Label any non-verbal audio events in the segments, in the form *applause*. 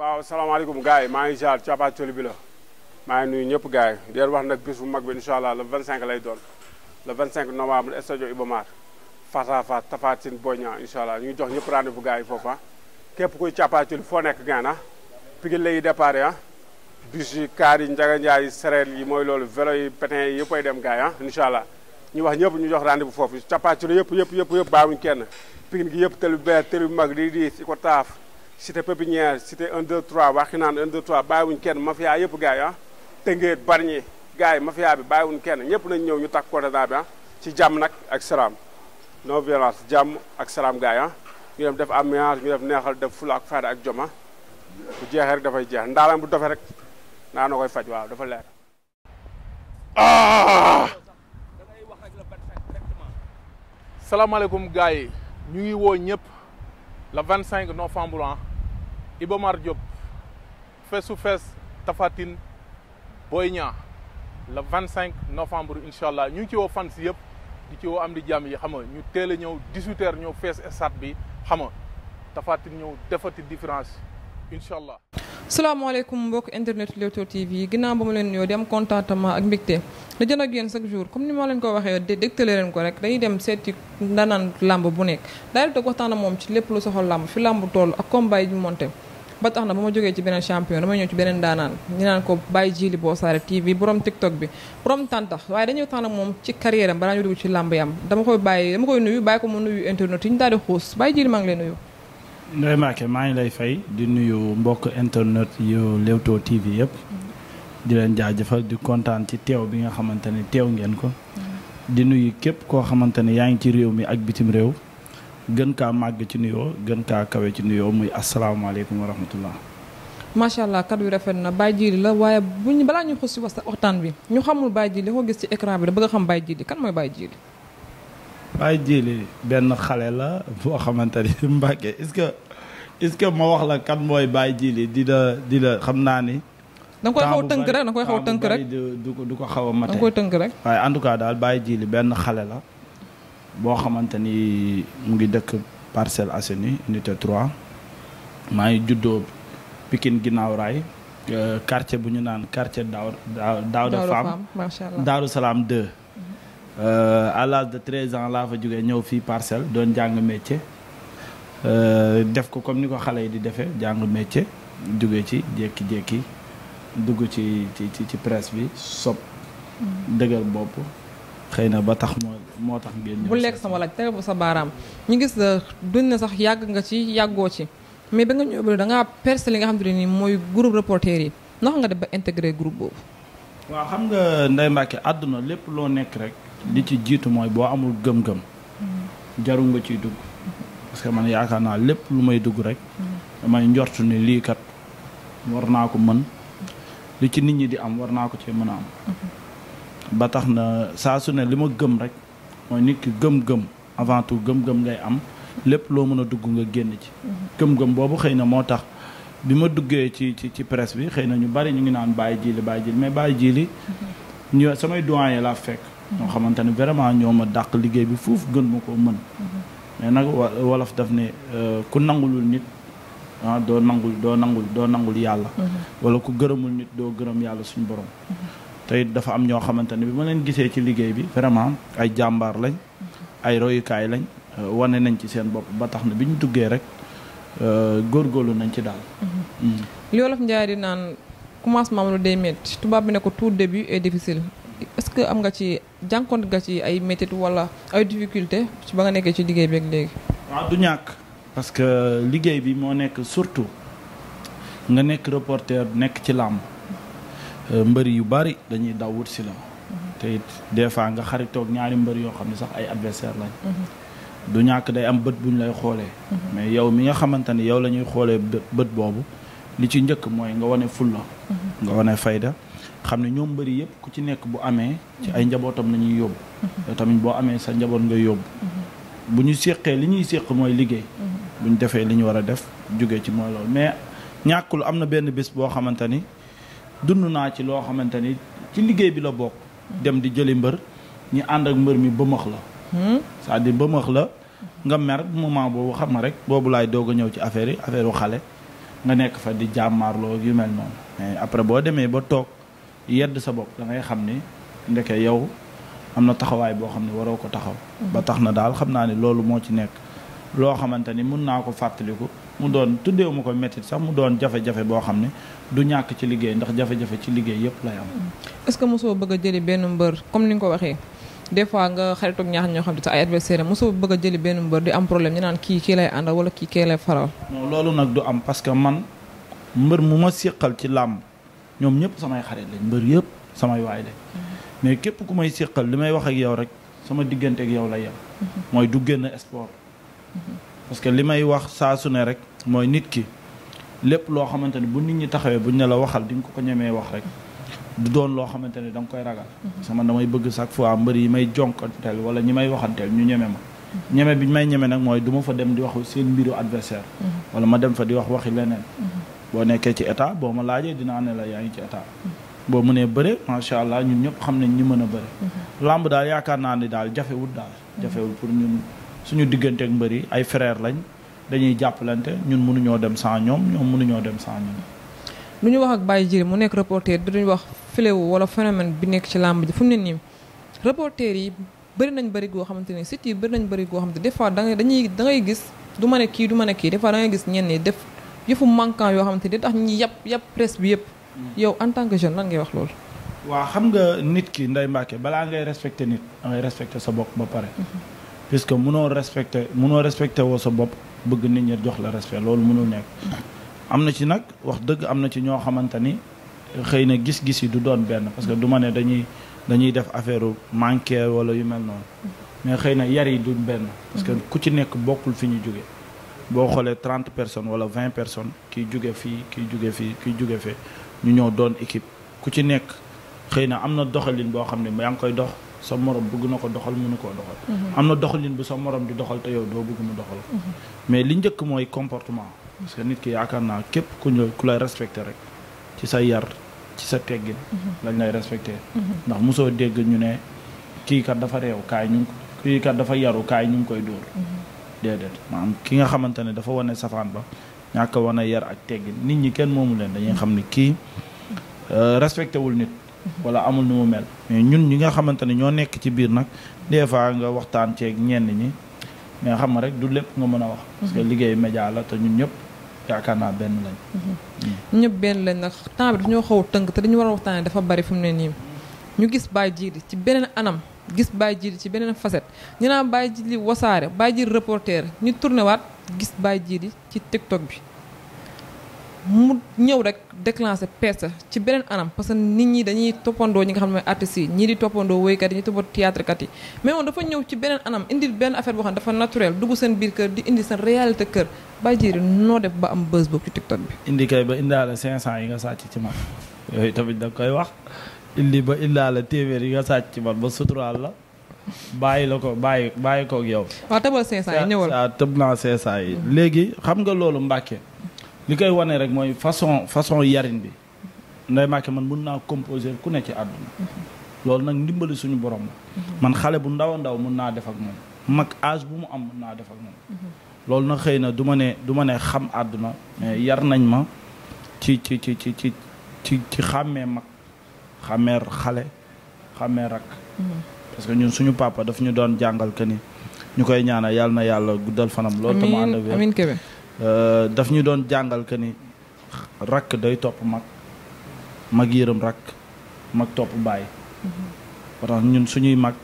waaw salaamaaleykum gars yi maa ngi jaar cappaatuli bi la maa ngi nuyu ñëpp gars yi di wax nag bis bu mag bi incha allah le 25 lay doon le 25 novembre stade Iba o face à face Tapha Tine Boy Niang allah ñu jox ñëpp rendez-vous gars yi foofu ah képp kuy cappaatuli foo nekk gaan ah Pikine lay déparé bis ah. bus yi kaar yi njaga njaay yi sereer yi mooy loolu vélo yi pétin yi yëpp ay dem gars yi ah incha ñu wax ñëpp ñu jox rendez-vous foofu cappaatuli yëpp yëpp yëpp yëpp bàyyiwuñ kenn yëpp tëlu mag di diis i ko taaf cité pépinière cité 1 2 3 waxi naan 1 2 3 bàyyiwuñ kenn mafia yëpp gars yi ah tëngeet barñi gars yi mafia bi bàyyiwuñ kenn ñëpp nañ ñëw ñu takk corona bi ah ci jàmm nag ak salaam non violence jàmm ak salaam gars yi ah ñu dem def ambiance ñu def neexal def fula ak fayda ak joma ah. bu jeexee rek dafay jeex ndaalaan bu dofe rek naa na koy faj waaw dafa leer ah! salaamaaleykum gars yi ñu ngi woo ñëpp le 25 novembre ah. Ibomar Diop feesu fees Tafatine Boy Niang la vingt cinq novembre incha allah ñu ci woo fans yëpp di ci woo am di jàmm yi xam nga ñu teel a ñëw dix ñëw fees stade bi xam nga Tafatine ñëw defati différence incha allah. salaamaaleykum mbokk internet Leewtoo TV ginnaaw ba ma leen nuyoo di am contentement ak mbégte da jën ak yéen chaque jour comme ni ma leen ko waxee dégtale leen ko rek dañuy dem seeti ndaanaan làmb bu nekk daal de toog waxtaan ak moom ci lépp lu soxal làmb fi làmb toll ak combat yi ba tax na ba ma jógee ci beneen champion dama ñëw ci beneen daanaan ñu naan ko Baye Djily Bossaré TV borom TikTok bi borom tàntax waaye dañuy waxtaan ak moom ci carrière ba balaa ñu dugg ci làmb yam dama koy bàyyi dama koy nuyu bàyyi ko mu nuyu internet yi ñu daal di xuus Baye Djily maa ngi lay nuyu Ndeye Mbacke maa ngi lay fay di nuyu mbokk internet yu Leewtoo TV yëpp di leen jaajëfal di kontaan ci teew bi nga xamante ne teew ngeen ko mm-hmm. di nuyu képp koo xamante ne yaa ngi ci réew mi ak bitim réew gën kaa màgg ci nuyoo gën kaa kawe ci nuyoo muy asalaamaaleykum wa rahmatullah macha allah kaddu wi rafet na Baye Djily la waaye bu ñu balaa ñu xus si waxtaan bi ñu xamul Baye Djily ko gis ci écran bi da bëgg a xam Baye Djily kan mooy Baye Djily. Baye benn xale la boo xamante ni *laughs* Mbacke est-ce que ce que ma wax la kan mooy baay Djily di la di la xam naa ni. da nga koy xaw tënk rek da koy xaw tënk rek du ko ko xaw a mate. da tënk rek. waaye en tout cas daal baay Djily benn xale la. boo xamante ni mu ngi dëkk parcelle Assainies unité 3 maa ngi juddoo Pikine ginnaaw raay euh, quartier bu ñu naan quartier daaw daaw de femme Daaru Salaam 2 à l'âge de 13 ans laa fa jógee ñëw fii parcelle doon jàng métier euh, def ko comme ni ko xale yi di defee jàng métier jóge ci jékki-jékki dugg ci ci ci presse bi sob mm. dëgër bopp xëy na ba tax moo moo tax ngeen bu lekk sama laaj tere ba sa baaraam ñu gis euh, duñ na sax yàgg nga ci yàggoo ci mais ba nga ñëw bi da ngaa percé li nga xam te ne nii mooy groupe reporter yi naka nga def ba intégré group boobu waaw xam nga Ndeye Mbacke àdduna lépp loo nekk rek li ci jiitu mooy boo amul gëm-gëm mm-hmm. jaru nga ciy dugg parce que man yaakaar naa lépp lu may dugg rek mm-hmm. damay njortu ni lii kat war naa ko mën li ci nit ñi di am war naa ko cee mën a am mm-hmm. ba tax na saa su ne li ma gëm rek mooy nit ki gëm-gëm avant tout gëm-gëm ngay am lépp loo mën a dugg nga génn ci. gëm-gëm boobu xëy na moo tax bi ma duggee ci ci ci presse bi xëy na ñu bari ñu ngi naan bàyyi jiili bàyyi jiili mais bàyyi jiili. ñu samay doyen laa fekk. ñoo xamante ne vraiment ñoo ma dàq liggéey bi foofu gën ma ko mën. mais nag wolof daf ne euh, ku nangulul nit. ah doo nangul doo nangul doo nangul yàlla. Mm-hmm. wala ku gërëmul nit doo gërëm yàlla suñu borom. Mm-hmm. tey dafa am ñoo xamante ne bi ma leen gisee ci liggéey bi vraiment ay jàmbaar lañ ay royukaay lañ euh, wane nañ ci seen bopp ba tax na bi ñu duggee rek euh, góorgóorlu nañ ci daal. Mm-hmm. Yolof Njaay di naan commencement lu day métti tubaab bi ne ko tout début et difficile est-ce que am nga ci jànkoonte nga ci ay métit wala ay difficulté ci ba nga nekkee ci liggéey bi ak léegi. waaw du ñàkk parce que liggéey bi moo nekk surtout nga nekk reporter nekk ci làmb. Euh, mbëri yu bari dañuy daw wut si la te it des fois nga xaritoog ñaari mbëri yoo xam ne sax ay adversaire lañ mhm. du ñàkk day am bët bu ñu lay xoolee mhm. mais yow mi nga xamante ne yow la ñuy xoolee bët boobu li ci njëkk mooy nga wane fulla mhm. nga wane fayda xam ne ñoom mbëri yëpp ku ci nekk bu amee ci ay njabootam la ñuy yóbbu yow tamit boo amee sa njaboot nga yóbbu bu ñu séqee li ñuy séq mooy liggéey bu ñu defee li ñu war a def jógee ci mooy loolu mais ñàkkul am na benn bés boo xamante ni dund naa ci loo xamante ni ci liggéey bi la bokk. dem di jëli mbër ñu ànd ak mbër mi bëmax la. Hmm? c'est-à-dire la nga mer moment boobu xam na rek boobu laay doog a ñëw ci affaire yi affaire yu xale nga nekk fa di jàmmaarloo yu mel noonu. mais après boo demee ba toog yedd sa bopp da xam ni ndeke yow am na taxawaay boo xam ne waroo ko taxaw. Hmm. ba tax na daal xam naa ne loolu moo ci nekk loo xamante ni mun naa ko fàttaliku. mu doon tuddeewu ma ko métti sax mu doon jafe-jafe boo xam ne du ñàkk ci liggéey ndax jafe-jafe ci liggéey yëpp lay am. est-ce que mosoo bëgg a jëli benn mbër comme ni nga ko waxee des fois nga xaritoog ñaax ñoo xam ne sax ay adversaire mosoo bëgg a jëli benn mbër di am problème ñu naan kii kii lay àndal wala kii kii lay faral. non loolu nag du am parce que man mbër mu ma siqal ci làmb ñoom ñëpp samay xarit lañ mbër yëpp samay waay lañ mais képp ku may siqal li may wax ak yow rek sama diggante ak yow lay yem. Mhm. mooy du génn sport. Mhm. parce que li may wax saa su ne rek mooy nit ki lépp loo xamante ne bu nit ñi taxawee bu ñu ne la waxal di nga ko ko ñemee wax rek du doon loo xamante ne da nga koy ragal. sama mhm. damay bëgg chaque fois mbër yi may jonkanteel wala ñi may waxanteel ñu ñeme ma. Mhm. ñeme bi ñu may ñeme nag mooy du ma fa dem di wax seen mbiru adversaire mhm. wala ma dem fa di wax waxi leneen. boo nekkee ci état boo ma laajee dinaa ne la yaa ngi ci état. boo mënee bëre macha allah ñu ñëpp xam nañ ñi mën a bëre. làmb daal yaakaar naa ne daal jafewul daal. jafewul pour ñun. suñu diggante ak mbër yi ay frère lañ dañuy jàppalante ñun mënuñoo dem sans ñoom ñoom mënuñoo dem sans ñun. lu ñu wax ak Baye Jiri mu nekk reporter duñu wax fléau wala phénomène bi nekk ci làmb ji fu mu ne nii reporter yi bëri nañ bëri goo xamante ne site yi bëri nañ bëri goo xamante des fois da ngay dañuy da ngay gis du mën a kii du mën a kii des fois da ngay gis ñenn ñi def yëfu manquant yoo xamante ne tax ñii yàpp yàpp presse bi yëpp. Mm. yow en tant que jeune lan ngay wax loolu. waaw xam nga nit ki Ndeye Mbacke balaa ngay respecté nit da respecté sa bopp ba pare. Mm-hmm. puisque munoo respecté munoo respecté woo sa bopp bëgg nit ñi jox la respect loolu mënul nekk. am na ci nag wax dëgg am na ci ñoo xamante ni xëy na gis-gis yi du doon benn parce que du ma ne dañuy dañuy def affaire manqué wala yu mel noonu mais xëy na yar yi du benn. parce que ku ci nekk bokkul fi ñu jóge boo xoolee trente personnes wala vingt personnes kiy jóge fii kiy jóge fii kiy jóge fee ñu ñëw doon équipe ku ci nekk xëy na am na doxalin boo xam ne yaa ngi koy dox. sa morom bëgg na ko doxal mënu koo doxal. Mhm. am na doxalin bi sa morom di doxal te yow doo bëgg mu doxal. Mhm. mais li njëkk mooy comportement. parce nit ki yaakaar naa képp ku ñëw ku lay respecté rek ci sa yar ci sa teggin. Mhm. lañ lay respecté. ndax mosoo dégg ñu ne kii kat dafa réew kaay ñu kii kat dafa yaru kaay ñu ngi koy dóor. déedéet maanaam ki nga xamante ne dafa wane safaan ba ñàkk a wane yar ak teggin nit ñi kenn moomu leen dañuy xam ne kii euh, respecté wul nit. wala amul nu mu mel mais ñun ñi nga xamante ne ñoo nekk ci biir nag des fois nga waxtaan ceeg ñenn ñi mais xam nga rek du lépp nga mën a wax parce mhm. liggéey média la te ñun ñëpp yaakaar naa benn lañ mhm. mm. ñëpp benn lañ nag temps bi dañoo xaw tënk te dañu war a waxtaanee dafa bari fu mu ne nii ñu gis Baye Djily ci beneen anam gis Baye Djily ci beneen facette ñu naan Baye Djily wasaare Baye Djily reporter ñu tourné waat gis Baye Djily ci TikTok bi mu ñëw rek déclenché peesa ci beneen anam parce que nit ñi dañuy toppandoo ñi nga xam ne mooy artistes yi ñii di toppandoo woykat yi ñi toppandoo théâtre kat yi mais moom dafa ñëw ci beneen anam indi benn affaire boo xam dafa naturel dugg seen biir kër di indi seen réalité kër Baye Diéry noo def ba am buzz boobu ci TikTok bi. indi kay ba indaale 500 yi nga sàcc ci man tamit da koy wax indi ba indaale téeméer yi nga sàcc ci man ba suturaal la. bàyyi la ko bàyyi bàyyi koog yow. waaw tëbal 500 yi ñëwal waaw tëb naa yi. léegi xam nga loolu Mbàkke li koy wane rek mooy façon façon yarin bi nday Mbacke man mun naa composer ku ne ci àdduna loolu nag ndimbali suñu borom la man xale bu ndaw a ndaw mun naa def ak moom mag âge bu mu am mun naa def ak moom loolu nag xëy na du ma ne du ma ne xam àdduna mais yar nañ ma ci ci ci ci ci ci ci xàmmee mag xàmmee xale xàmmee rak parce que ñun suñu papa daf ñu doon jàngal que ni ñu koy ñaanal yàlla na yàlla guddal fanam loolu tam ànd ak Euh, daf ñu doon jàngal que ni rakk day topp mag mag yërëm rakk mag topp bàyyi. parce que ñun suñuy mag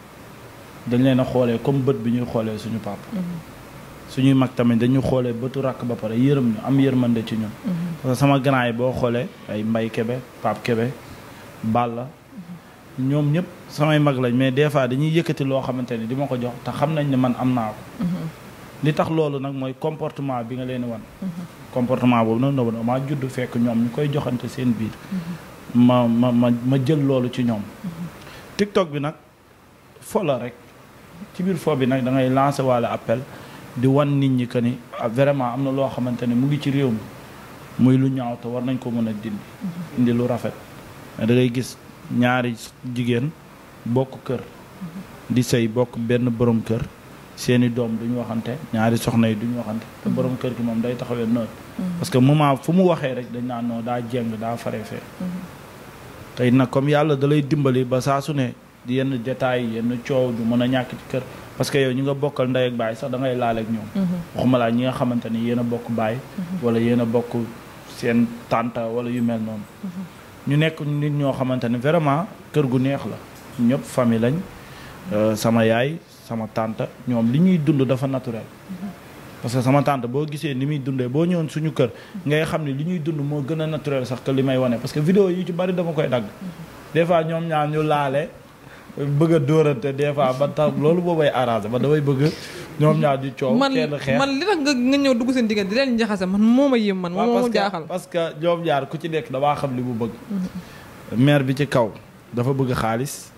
dañ leen a xoolee comme bët bi ñuy xoolee suñu papa. Mm-hmm. suñuy mag tamit dañu xoolee bëtu rakk ba pare yërëm ñu am yërmande ci ñun. Mm-hmm. parce que sama grand yi boo xoolee ay Mbay Kebe Pape Kebe la mm-hmm. ñoom ñëpp samay mag lañ mais des fois dañuy yëkkati loo xamante ni di ma ko jox te xam nañ ne man am naa ko. li tax loolu nag mooy comportement bi nga leen wan comportement boobu noonu nag no maa judd fekk ñoom ñu koy joxante seen biir ma ma ma ma jël loolu ci ñoom TikTok bi nag folo rek ci biir fo bi nag da ngay lancer walla appel di wan nit ñi que ni ah, vraiment am na loo xamante ne mu ngi ci réew mi muy lu ñaawta war nañ ko mën a dindi indi lu rafet da gis ñaari jigéen bokk kër di sëy bokk benn borom kër seeni doom duñu waxante ñaari soxna yi duñu waxante te borom kër gi moom day taxawee noonu. Mm-hmm. parce que moment fu mu waxee rek dañ naan noo daa jeng daa faree fee. Mm-hmm. tey nag comme yàlla da lay dimbali ba saa su ne yenn détails yenn coow du mën a ñàkk ci kër parce que yow ñi nga bokkal ndey ak baay sax da ngay laal ak ñoom. Mm-hmm. waxuma laa ñi nga xamante ni yéen a bokk baay. wala yéen a bokk seen tànta wala yu mel noonu. ñu nekk nit ñoo xamante ne vraiment kër gu neex la ñëpp famille lañ euh, sama sama tante ñoom li ñuy dund dafa naturel. parce que sama tante boo gisee ni muy dundee boo ñëwoon suñu kër ngay xam ne li ñuy dund moo gën a naturel sax que li may wane parce que vidéo yi ci bari dama koy dagg. des fois ñoom ñaa ñu laale bëgg a dóorante des fois ba tax loolu boobay arrangé ba damay bëgg ñoom ñaar di coow. kenn xeex man li tax nga nga ñëw dugg seen diggante di leen jaxase man moo ma yëm man. moo ma jaaxal parce que ñoom ñaar ku ci nekk damaa xam li bu bëgg. maire mm-hmm. bi ci kaw dafa bëgg xaalis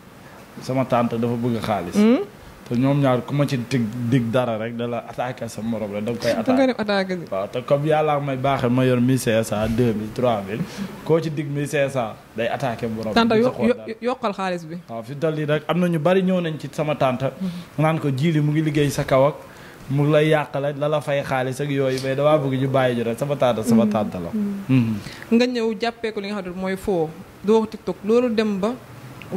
sama tante dafa bëgg xaalis. Mm-hmm. te ñoom ñaar ku ma ci dig dig dara rek da la attaqué sa morom rek da nga koy attaqué waaw te comme yàlla may baaxee ma yor 1500 2000 3000 koo ci dig 1500 day attaqué morom tanta yokkal xaalis bi waaw fi dal yi rek am na ñu bari ñëw nañ ci sama tanta mhm. naan ko jiili mu ngi liggéey sa kaw ak mu ngi lay yàqale la la fay xaalis ak yooyu mais damaa bëgg ñu bàyyi ju rek sama tanta sama mhm. tanta la mhm. nga ñëw jàppee ko li nga xam mooy foo doo loolu dem ba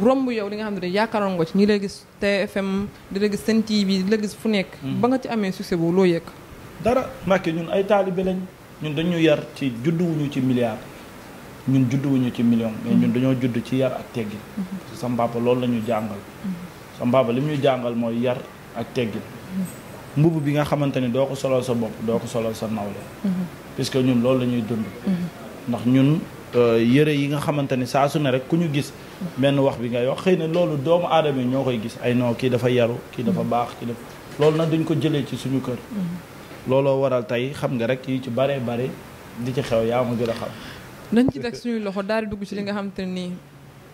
romb yow li nga xam ne yaakaaroon nga ci ñi lay gis TFM di la gis Sen TV di la gis fu nekk. Mm-hmm. ba nga ci amee succès boobu loo dara Mbacke ñun ay taalibe lañ ñun dañu yar ci judduwuñu ci milliard ñun judduwuñu ci million. mais ñun mm-hmm. dañoo judd ci yar ak mm-hmm. sa mbaba loolu la jàngal. sa mbaba li mu ñu jàngal mooy yar ak teggin. mbubb bi nga xamante ni doo ko solal sa bopp doo ko solal sa nawle. puisque ñun loolu la dund. ndax ñun. Euh, yére yi nga xamante ni saa su ne rek ku ñu gis benn wax bi ngay wax xëy na loolu doomu aadama yi ñoo koy gis ay non kii dafa yaru kii dafa baax kii dafa loolu nag dañ ko jëlee ci suñu kër mm-hmm. looloo waral tey xam nga rek yi ci bare bare di ci xew yaa ma gën a xam nañ ci rek suñuy loxo daal di dugg ci li nga xamante ni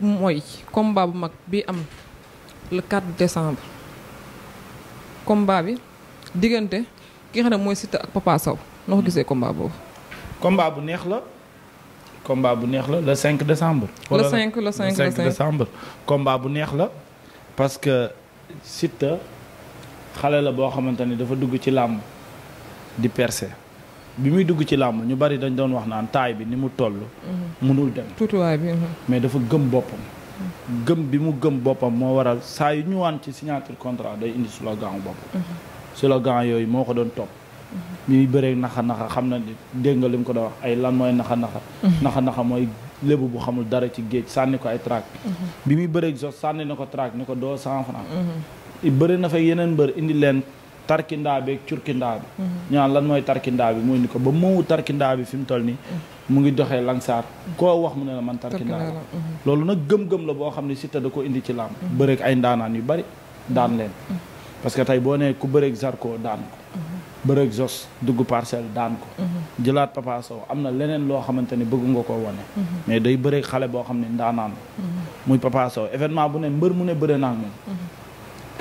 mooy combat bu mag bi am le 4 décembre combat bi diggante ki nga xam ne mooy Siteu ak Papa Sow noo ko gisee komba mm-hmm. boobu combat bu neex la combat bu neex la le cinq decembre le cinq le 5 le 5 décembre. combat bu neex la parce que Siteu xale la boo xamante ni dafa dugg ci làmb di percer bi muy dugg ci làmb ñu bari dañ doon wax naan taay bi ni mu toll. Mhm. mënul dem tuutiwaay bi. Mhm. mais dafa gëm boppam. Mhm. gëm bi mu gëm boppam moo waral saa yu ñëwaan ci signature contrat day indi slogan boppam. slogan yooyu moo ko doon topp. bi bëree naxa naxa xam na dégg nga li mu ko da wax ay lan mooy naxa mhm. naxa naxa naxa mooy lébu bu xamul dara ci géej sànni ko ay track mhm. bi muy bëree sos sànni na ko track ni ko doo cent franc mhm. bëri na fa yeneen mbër indi leen tarkindaa bi ak curkindaa lan mooy tarkindaa bi mooy ni ko ba moomu tarkindaa bi fi mu toll nii mu ngi doxee langsaar koo wax mu ne la man tarkindaa la loolu nag gëm-gëm la boo xam ne Siteu da ko indi ci làmb bëreeg ay ndaanaan yu bari daan leen parce que tey boo nee ku bëreeg Zarko daan ko bërëg jos dugg parcelle daan ko mhm. jëlaat Papa Sow am na leneen loo xamante ni bëgg nga ko wane mhm. mais day bëreeg xale boo xam ne ndaanaan la mhm. muy Papa Sow événement bu ne mbër mu ne bëri naa moom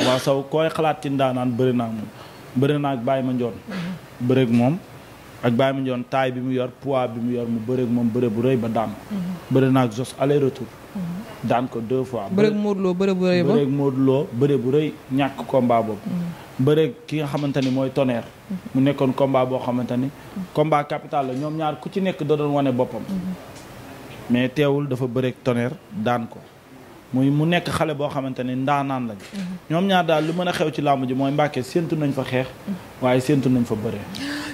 waa koy xalaat ci ndaanaan bëri naa moom bëri naa ak Baye Mandione bëreeg moom ak Baye Mandione bi mu yor pois bi mu yor mu bëreeg moom bëre bu rëy ba daan bëri naa ak jos aller retour daan ko deux fois bëreeg Modou Lo bëre bu rëy ba bëreeg Modou bu rëy ñàkk combat boobu bëre ki nga xamante ni mooy tonnerre. Mhm. mu nekkoon combat boo xamante ni. Mhm. combat la ñoom ñaar ku ci nekk da doon wane boppam. Mhm. mais teewul dafa bëreek tonnerre daan ko muy mu nekk xale boo xamante ni ndaanaan lañ. ñoom ñaar daal lu mën a xew ci làmb ji mooy Mbàkke séentu nañ fa xeex. waaye séentu nañ fa bëre.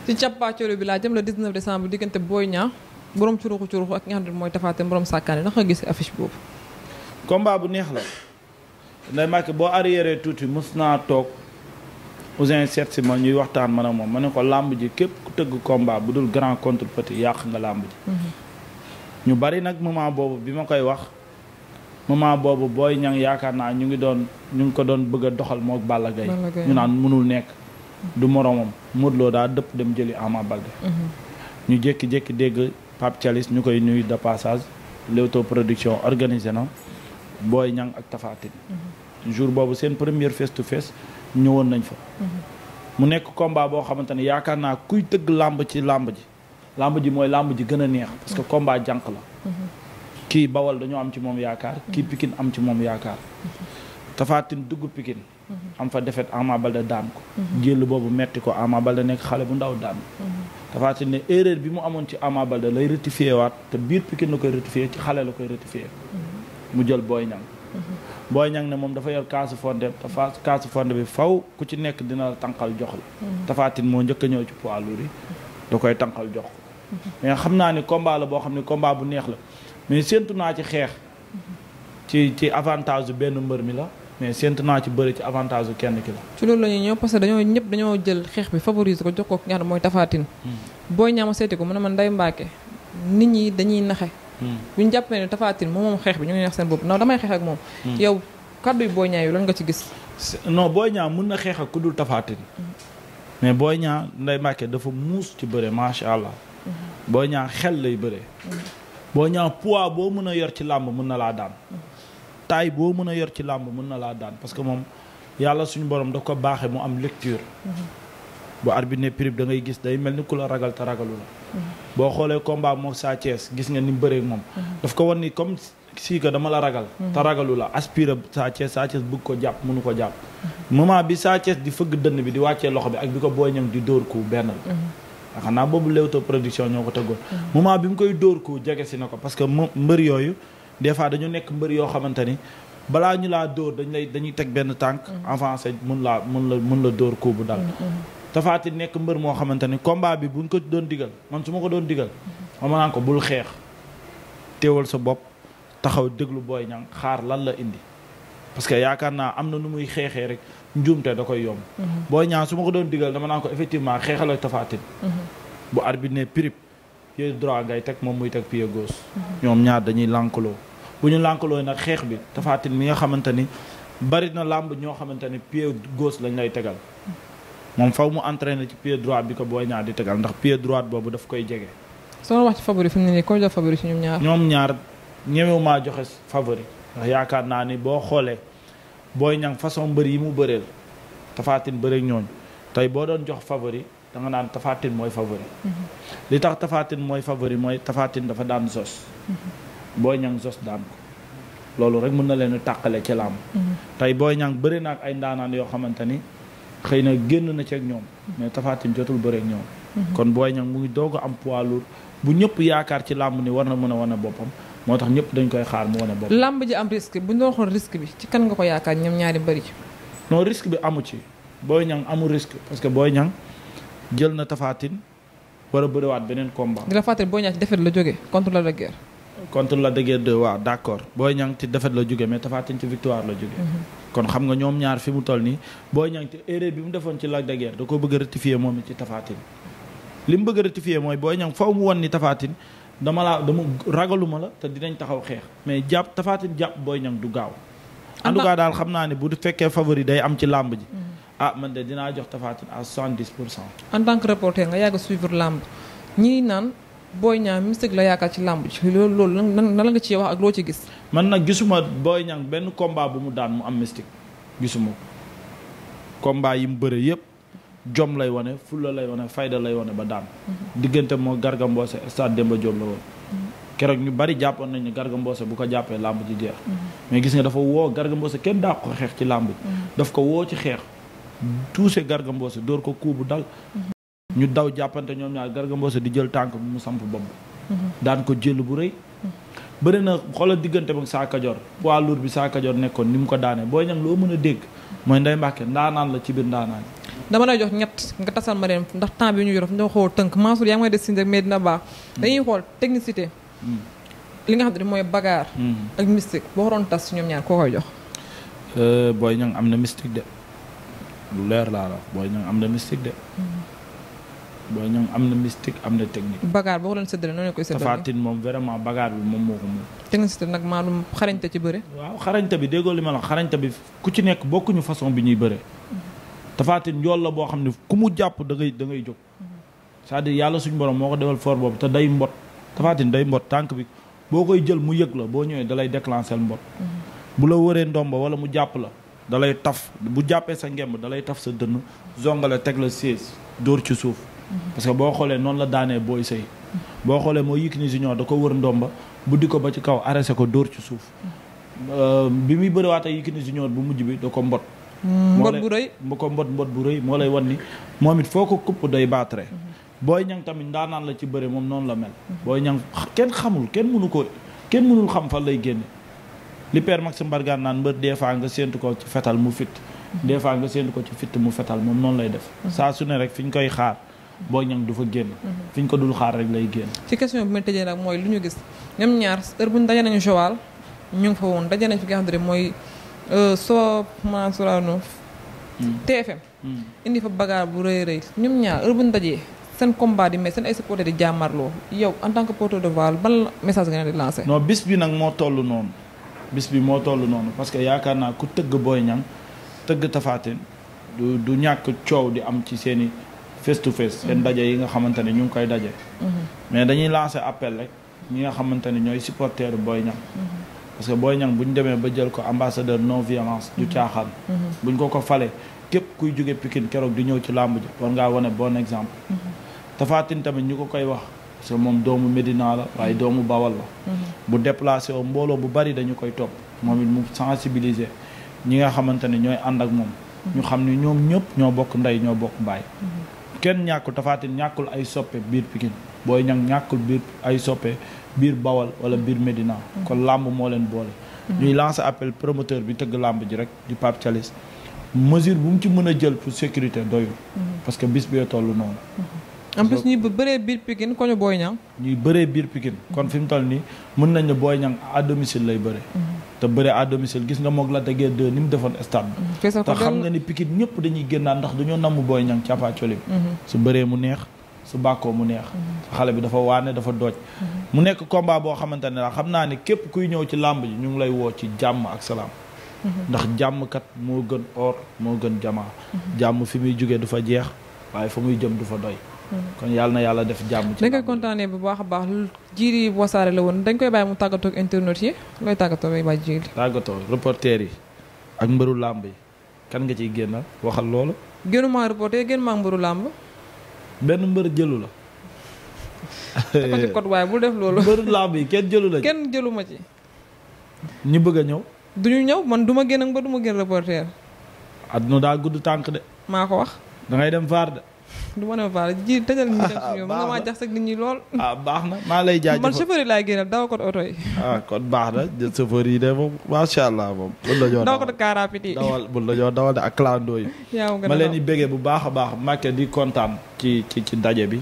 ci cappaacolo bi laa jëm le 19 décembre diggante Boy Niang borom curuxu curuxu ak ki nga xam ne mooy tafaate borom sàkkaane ndax nga gis affiche boobu. combat bu neex la. nday boo arrière tuuti mës naa toog. Ousin seet si ma ñuy waxtaan man ak moom ma ne ko làmb ji képp ku tëgg combat bu dul grand contre petit yàq nga làmb ji. Mhm. ñu bari nag moment boobu bi ma koy wax moment boobu booy ñang yaakaar naa ñu ngi doon ñu ngi ko doon bëgg a doxal moog Balla Gaye ñu naan mënul nekk. du moromam Modou Lo daa dëpp dem jëli Ama Baldé. Mhm. ñu jékki-jékki dégg Pape Thialis ñu koy nuyu de passage Leewtoo production organisé na booy Niang ak Tapha Tine. Mhm. jour boobu seen première face to face ñëwoon nañ fa. Mhm. mu nekk combat boo xamante ne yaakaar naa kuy tëgg làmb ci làmb ji. làmb ji mooy làmb ji gën a neex parce que combat jànq la. Mhm. kii bawal dañoo am ci moom yaakaar. kii mhm. Pikine am ci moom yaakaar. tafaatin dugg Pikine. am fa defet Ama Baldé daan ko. jël boobu metti ko Ama Baldé nekk xale bu ndaw daan ko. tafaatin ne erreur bi mu amoon ci Ama Baldé lay rectifier waat te biir Pikine la koy rectifier ci xale la koy rectifier mu jël booy Niang. booy ñang ne moom dafa yor kaasu fonde dafa kaasu bi faw ku ci nekk dina la tànqal jox la mm-hmm. tafaatin moo njëkk a ñëw ci poids lourd da koy tànqal jox mm-hmm. mais xam naa ni combat la boo xam ne komba bu neex la mais séntu naa ci xeex mm-hmm. ci ci avantage benn mbër mi la mais sént naa ci bëri ci avantage bu kenn ki la. ci loolu la ñuy ñëw parce que dañoo ñëpp dañoo jël xeex bi favoriser ko jox ko ki mooy tafaatin. booy ñaama seeti ko mu ne man day mbaake nit ñi dañuy naxe bu hmm. ñu jàppee ne Tapha Tine moom moom xeex bi ñu ngi wax seen bopp non damay xeex ak moom. Hmm. yow kaddu yi Boy Niang lan nga ci gis. no Boy Niang mun na xeex ak ku dul Tapha hmm. mais Boy Niang nday màkkee dafa muus ci bëre macha allah. Boy Niang xel lay bëre. Boy Niang poids boo mën a yor ci làmb mun na laa daan. taay boo mën a yor ci làmb mën na laa daan parce que moom yàlla suñu borom da ko baaxe mu am lecture. bu arbitre ne gis day mel ni ku la ragal te ragalu la mhm. boo xoolee combat moo Sa gis nga ni mu moom mhm. daf ko wan ni comme sii que dama la ragal mhm. te ragalu la aspiré Sa Thiès Sa Thiès bëgg ko jàpp mënu ko jàpp moment bi Sa Thiès fëgg dënn bi di wàccee loxo bi ak ko Boy Niang di dóor ku benn xanaa boobu Leewtoo production ñoo ko tëggoon moment bi mu koy dóor ku jege si na ko parce que mbër yooyu des fois dañu nekk mbër yoo xamante ni balaa ñu laa dóor dañ lay dañuy teg benn tànk avancé mun laa mun la mun la dóor ku bu dal Tapha nekk mbër moo xamante ni combat bi buñ ko doon digal man su ma ko doon digal ma naan ko bul xeex teewal sa bopp taxaw déglu booy Niang xaar lan la indi parce que yaakaar naa am na nu muy xeexee rek te da koy yomb. Mhm. Boy ñaar su ma ko doon digal dama naan ko effectivement xeexaloo Tapha Tine mhm. bu arbitre ne prip pied droit ngay teg moom muy teg pied gauche. Mhm. ñoom ñaar dañuy lànkaloo bu ñu lànkaloo nag xeex bi Tapha Tine mi nga xamante ni bari na làmb ñoo xamante ni pied gauche lañ lay tegal. moom faw mu entraîné ci pied droit bi ko Boy Niang di tegal ndax pied boobu daf koy jege. soo wax ci favori fi mu ne nii koo jox favori ci ñoom ñaar. ñoom ñaar ñemewumaa joxe favori ndax yaakaar naa ni boo xoolee booy Niang façon mbër yi mu bëreel Tapha Tine bëreeg ñooñu tey boo doon jox favori da nga naan Tapha mooy favori. Mm-hmm. li tax Tapha mooy favori mooy Tapha dafa daan sos. Mm-hmm. Boy Niang sos daan ko. loolu rek mën na leen tàqale ci làmb. Mm-hmm. tey yoo xamante ni. xëy na génn na ci ñoom mais Tapha jotul bëre ak ñoom. Mhm. kon Boy Niang mu ngi doog am poids lourd bu ñëpp yaakaar ci làmb ni war na mën a wane boppam moo tax ñëpp dañ koy xaar mu wane boppam. làmb ji am risque bu ñu doon xool risque bi ci kan nga ko yaakaar ñoom ñaari bëri ci. non risque bi amu ci Boy Niang amul risque parce que booy Niang jël na tafaatin Tine war a bëriwaat beneen combat. di la fàttali Boy Niang ci défaite la jóge contre la guerre. contre Lac de Guiers 2 waaw d' accord Boy Niang ci défaite la jóge mais Tapha Tine ci victoire la jóge mhm. kon xam nga ñoom ñaar fi mu toll nii Boy Niang ci erreur bi mu defoon ci Lac de da ko bëgg a rectifier moom ci Tapha li mu bëgg a rectifier mooy Boy Niang faw mu won ni Tapha dama laa dama ragaluma la te dinañ taxaw xeex mais jàpp Tapha Tine jàpp Boy Niang du gaaw en daal xam naa ne bu fekkee favori day am ci làmb ji mhm. ah man de dinaa jox Tapha Boy Niang mystique la yaakaar ci làmb ci loolu loolu nan nan la nga ci wax ak loo ci gis. man na gisuma booy Niang benn komba bu mu daan mu am mystique gisuma ko komba yi mu bëre yëpp jom lay wane fulla lay wane fayda lay wane ba daan. Mhm. diggante moo Garga Mbossé stade Demba Diop la woon. Mhm. keroog ñu bari jàppoon nañu ne Garga bu ko jàppee làmb ji jeex. Mhm. mais gis nga dafa woo Garga Mbossé kenn daa ko xeex ci làmb ji. daf ko woo ci xeex. tuuse Garga Mbossé dóor ko coup bu dal. ñu daw jàppante ñoom ñaar Garga Mbossé di jël tànk bi mu samp bopp daan ko jël bu rëy bëri na xoolal diggante ba saa kajoor poids lourd bi saa nekkoon ni mu ko daanee booy ñam loo mën a dégg mooy Ndeye Mbacke ndaanaan la ci biir ndaanaan dama lay jox ñett nga tasal ma leen ndax temps bi ñu yorof ñoo xool tënk Mansour des sin rek mais dina baax hmm. dañuy xool technicité hmm. li nga xam ne mooy bagarre hmm. ak mystique boo waroon tas si ñoom ñaar koo koy jox euh, booy ñang am na mystique de lu leer laa la booy ñang am na mystique de booy ñoom am na mystique am na technique. bagaar boo ko doon séddale noonu la koy séddale. Tapha Tine moom vraiment bagaar bi moom moo ko moom. technicité nag maanaam bi déggoo li ma bi ku ci nekk bokkuñu façon bi ñuy bëre. Tapha Tine la boo xam ne ku mu jàpp da da ngay jóg. cest yàlla suñu borom moo ko defal fort boobu te day mbot Tapha Tine day mbot tànk bi boo koy jël mu yëg boo ñëwee dalay lay déclencher mbot. Mhm. bu la wëree ndomba wala mu jàpp la. dalay lay taf bu jàppee sa ngemb da lay taf sa dënn zongale teg la siis dóor ci suuf. parce que boo xoolee noonu la daanee booy sëy boo xoolee moo Yékini Junior da ko wër ndomba buddi ko ba ci kaw arrêté ko dóor ci suuf euh, bi muy bëriwaat ak Yékini Junior bu mujj bi da ko mbot hmm, mbot bu rëy moo mbot mbot bu rëy moo lay wan ni moom it foo ko kupp day baatare hmm. booy ñan tamit naan la ci bëre moom noonu la mel booy ñang kenn xamul kenn mënu ko kenn mënul xam fan lay génne li père Maxime Bargane naan mbër des fois nga séentu ko ci fetal mu fitt hmm. des fois nga séentu ko ci fitt mu fetal moom noonu lay def saa koy xaar Boy Niang du fa génn. Mhm. fi ko dul xaar rek lay génn. ci question bi may tëjee nag mooy lu ñu gis ñoom ñaar heure bu ñu daje nañu Joal ñu ngi fa woon daje nañu fi nga xam mooy soo maanaam TFM. indi fa bagaar bu rëy rëy ñoom ñaar heure bu ñu dajee seen di mais seen jàmmarloo yow en tant que porteur de voix ban message nga ne di lancé. non bis bi nag moo tollu noonu bis bi moo toll noonu parce que yaakaar naa ku tëgg Boy Niang tëgg Tapha du ñàkk coow di am ci seen face to face seen daje yi nga xamante ne ñu ngi koy daje. mais dañuy lancer appel rek ñi nga xamante ne ñooy supporter booy Niang parce que Boy Niang bu ñu demee ba jël ko ambassadeur non violence du caaxaan. buñ ko ko fale képp kuy jóge Pikine keroog di ñëw ci làmb ji war wane bon exemple. Tapha Tine tamit ñu ko koy wax. parce moom doomu Medina la waaye doomu Bawal la. bu déplacé wu mbooloo bu bari dañu koy topp. moom it mu sensibiliser ñi nga xamante ne ñooy ànd ak moom. ñu xam ni ñoom ñëpp ñoo bokk ndey ñoo bokk baay. kenn ñàkkul Tapha Tine ñàkkul ay soppe biir Pikine booy Niang ñàkkul biir ay soppe biir Bawal wala biir Medina. kon làmb moo leen boole. Mm-hmm. ñuy lance appel promoteur bi tëgg làmb ji rek di Pape Thialis mesure bu mu ci mën a jël pour sécurité doyul. Mm-hmm. parce que bis bee toll noonu. Mm-hmm. en plus ñuy bëree biir Pikine koñu Boy Niang. ñuy bëree biir Pikine kon fi mu toll nii mën nañu Boy Niang à domicile lay bëree. te bëre à domicile gis nga moog la tegee deux ni mu defoon stade bi mm-hmm. te xam nga ni pikit ñëpp dañuy génnaan ndax dañoo namm booy ñang càppaa colim mm-hmm. su bëree mu neex su bàkkoo mu neex mm-hmm. xale bi dafa waane dafa dooj mu nekk komba boo xamante ne la xam naa ne képp kuy ñëw ci làmb ji ñu ngi lay woo ci jàmm ak salaam ndax jàmm kat moo gën or moo gën jamaa jàmm fi muy jógee du fa jeex waaye fa muy jëm du fa doy Mm. kon yàlla na yàlla def jàmm. ci dañ koy kontaanee bu baax a baax jiiri wasaare la woon dañ koy bàyyi mu tàggatoo ak internet yi looy tàggatoo bay bàyyi jiiri. tàggatoo reporter yi ak mbëru làmb yi kan nga ci génn waxal loolu. génn maa reporter génn maa mbëru làmb. benn mbër jëlu la. dafa waaye bul def loolu. mbëru làmb yi kenn jëlu la kenn jëlu ma ci. ñu bëgg a ñëw. du ñu ñëw man du ma génn ak ba du ma génn reporter. adduna daa gudd tànk de. maa ko wax. da dem faar de. du mën a vaal ji tëjal ñu *laughs* dem suñu mën nga maa jax sax nit ñi lool. ah baax na maa lay jaajëfal man chauffeur yi laay génnal daw ko oto yi. ah kon baax na chauffeur yi de moom macha allah moom. bul la ñoo dawal daw ko car rapide yi dawal bul la ñoo dawal de ak *laughs* ma leen di béggee bu baax a baax Màkke di kontaan ci ci ci daje bi.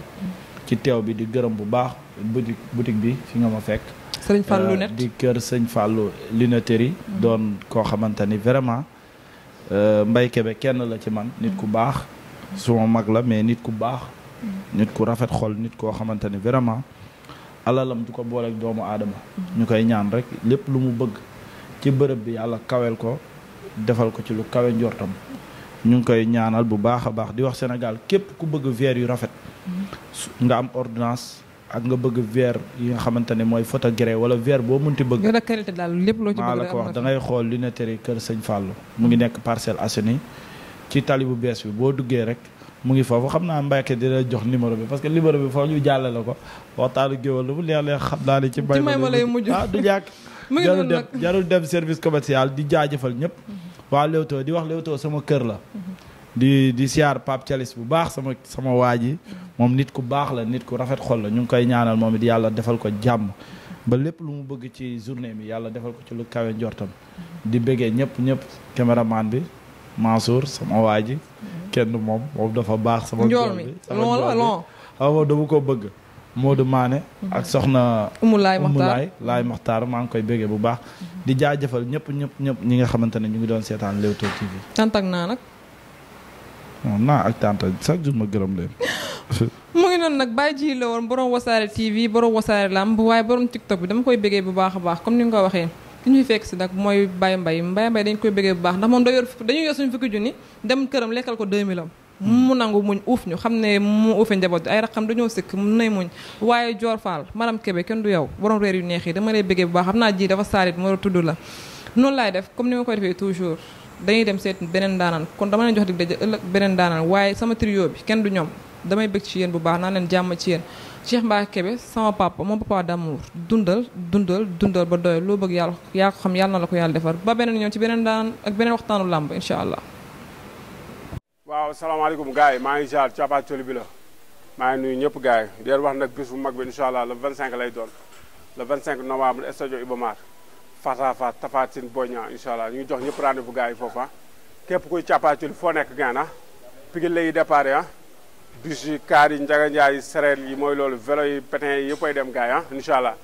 ci teew bi di gërëm bu baax boutique boutique bi fi nga ma fekk. sëñ Fallou euh, Lunette di kër sëñ Fallou Lunetterie mhm. doon koo xamante ni vraiment euh, Mbaye Kébé kenn la ci man nit ku baax. suma mag la mais nit ku baax. nit ku rafet xol nit koo xamante ni vraiment alalam du ko booleek doomu aadama. ñu koy ñaan rek lépp lu mu bëgg ci bërëb bi yàlla kawel ko defal ko ci lu kawe njortam. ñu ngi koy ñaanal bu baax a baax di wax Sénégal képp ku bëgg verre yu rafet. nga am ordonnance ak nga bëgg verre yi nga xamante ne mooy photogré wala verre boo munti bëgg. yor la qualité daal lépp loo ci la ko wax xool li ne lunetterie Kër Sëñ Fallou mu ngi nekk parcelle Assainies ci tali bu bees bi boo duggee rek mu ngi foofu xam naa Mbacke dina jox numéro bi parce que numéro bi foofu ñu jàllale ko waxtaanu géwël lu mu leer leer xam naa ne ci mbay ma lay mujj ah du ñàkk *laughs* jarul dem jarul dem service commercial di jaajëfal ñëpp mm-hmm. waa Leewtoo di wax Leewtoo sama kër la mm-hmm. di di siyaar Pape Thialis bu baax sama sama waa ji mm-hmm. moom nit ku baax la nit ku rafet xol la ñu ngi koy ñaanal moom it yàlla defal ko jàmm ba lépp lu mu bëgg ci journée bi yàlla defal ko ci lu kawe njortam di bëggee bi Mansour sama waa ji kenn moom moom dafa baax sama njool mi sama xam dama ko bëgg Modou Mané mhm. ak soxna Umulaay Maxtaar Laay Maxtaar maa ngi koy bëggee bu baax mhm. di jaajëfal ñëpp ñëpp ñëpp ñi nga xamante ne ñu ngi doon seetaan Leewtoo TV tantak naa nag naa ak tanta chaque jour ma gërëm leen *gasps* mu ngi noonu nag bàyyi ji la woon borom wasaare TV borom wasaare bu waaye borom TikTok bi dama koy bëggee bu baax a baax comme ni nga ko waxee ki ñuy fekk si nag mooy Baye mbay Mbaye Mbaye dañ koy bëggee bu baax ndax moom da yor dañuy yor suñu fukki junni dem këram lekkal ko 2000 am mu nangu muñ uuf ñu xam ne mu uufe njaboot ay raxam dañoo sikk mun nay muñ waaye joor faal madame Kébé kenn du yow borom réer yu neex yi dama lay bëggee bu baax am naa jii dafa saalit moo tudd la noonu laay def comme ni ma koy defee toujours dañuy dem seet beneen daanaan kon dama leen jox dig daje ëllëg beneen daanaan waaye sama bi kenn du ñoom damay bëgg ci yéen bu baax naa leen jàmm ci yéen Cheikh Mbaye Kébé sama papa mon papa d'amour dundal dundal ba doy loo bëgg yàlla yaa xam yàlla na la ko yàlla defar ba beneen ñoom ci beneen daan ak beneen waxtaanu làmb incha allah. waaw salaamaaleykum gars yi maa ngi jaar cappaatoli bi la maa ngi nuyu ñëpp gars yi di wax nag bis bu mag bi incha allah le cinq lay doon le 25 novembre stade Iba Mar face à face Tapha Tine Boy Niang allah ñu jox ñëpp rendez-vous gars yi foofu ah képp kuy foo nekk gànnaar Pikine bus yi kaar yi njaga njaay sareet yi mooy loolu vélo yi pétin yi yëppay dem gaay ah incha wax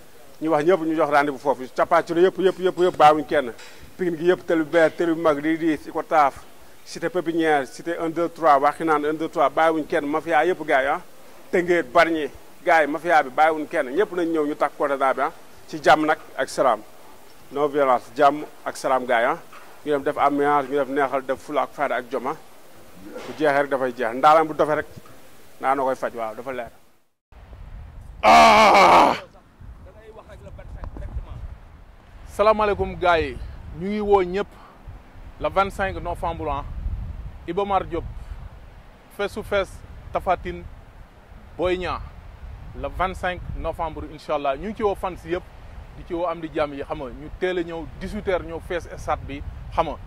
ñëpp ñu jox rendez-vous foofu cappaaculu yëpp yëpp yëpp yëpp baawuñ kenn Pikine gi yëpp tëlu beer tëlu mag di di si ko taaf cité pépinière cité 1 2 3 waxi naan 1 2 3 bàyyiwuñ kenn mafia yëpp gars yi ah bar barñi gars yi mafia bi bàyyiwuñ kenn ñëpp nañ ñëw ñu takk corona bi ah ci jàmm nag ak salaam non violence jàmm ak seraam gars yi ah ñu dem def neexal def fula ak fayda ak joma ah. bu jeexee rek dafay jeex ndaalaan bu dofee rek naa na koy faj waaw dafa leer. Ah! salaamaaleykum gars yi ñu ngi woo ñëpp le vingt cinq novembre ah Iba Mar feesu fees tafaatin Boy Niang le cinq novembre incha allah ñu ngi ci woo fans yëpp di ci woo am di jàmm yi xam nga ñu teel a ñëw dix ñëw fees stade bi xam nga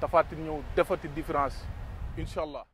Tafatine ñëw defati différence incha